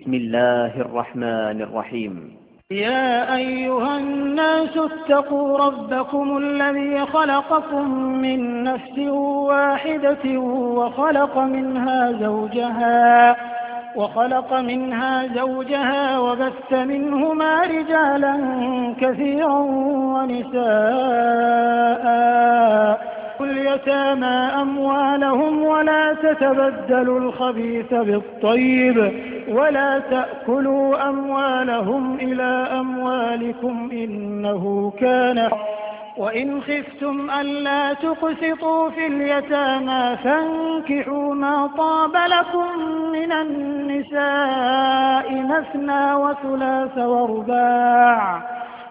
بسم الله الرحمن الرحيم يا أيها الناس اتقوا ربكم الذي خلقكم من نفس واحدة وخلق منها زوجها وخلق منها زوجها وبث منهما رجالا كثيرا ونساء اليتامى أموالهم ولا تتبدلوا الخبيث بالطيب ولا تأكلوا أموالهم إلى أموالكم إنه كان وإن خفتم ألا تقسطوا في اليتامى فانكحوا ما طاب لكم من النساء مثنى وثلاث ورباع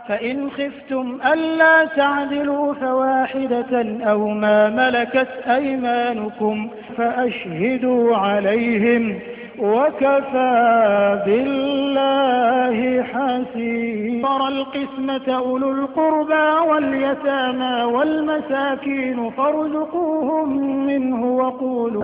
فإن خفتم ألا تعدلوا فواحدة أو ما ملكت أيمانكم فأشهدوا عليهم وكفى بالله حسيبا ترى القسمة أولو القربى واليتامى والمساكين فارزقوهم منه وقولوا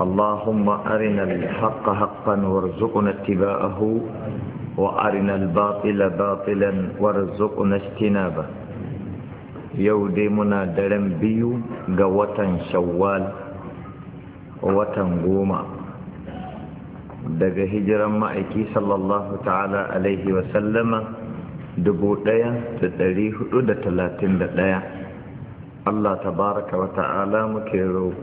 اللهم أرنا الحق حقا وارزقنا اتباعه وأرنا الباطل باطلا وارزقنا اجتنابه يودمنا درم بيو قوتا شوال قوتا قوما دق هجرا معكي صلى الله تعالى عليه وسلم دبوتايا تتريه ودتلاتين دتايا الله تبارك وتعالى مكروه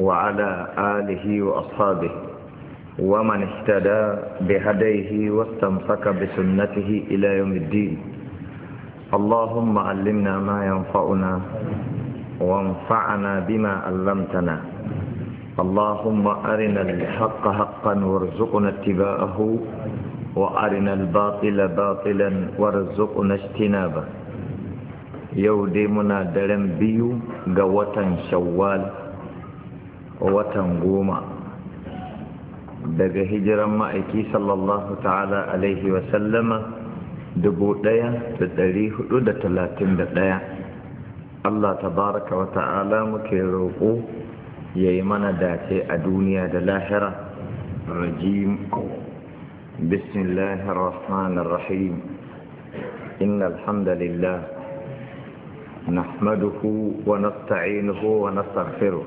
وعلى آله وأصحابه ومن اهتدى بهديه واستمسك بسنته إلى يوم الدين اللهم علمنا ما ينفعنا وانفعنا بما علمتنا اللهم أرنا الحق حقا وارزقنا اتباعه وأرنا الباطل باطلا وارزقنا اجتنابه يودي منا درم بيو قوة شوال watan goma daga hijiran ma'aiki sallallahu ta'ala alaihi wasallama dubu ɗaya da ɗari hudu da talatin da ɗaya Allah tabaraka wa ta'ala muke roƙo ya yi mana dace a duniya da lahira rajim bismillahir rahmanir rahim innal hamdalillah nahmaduhu wa nasta'inuhu wa nastaghfiruh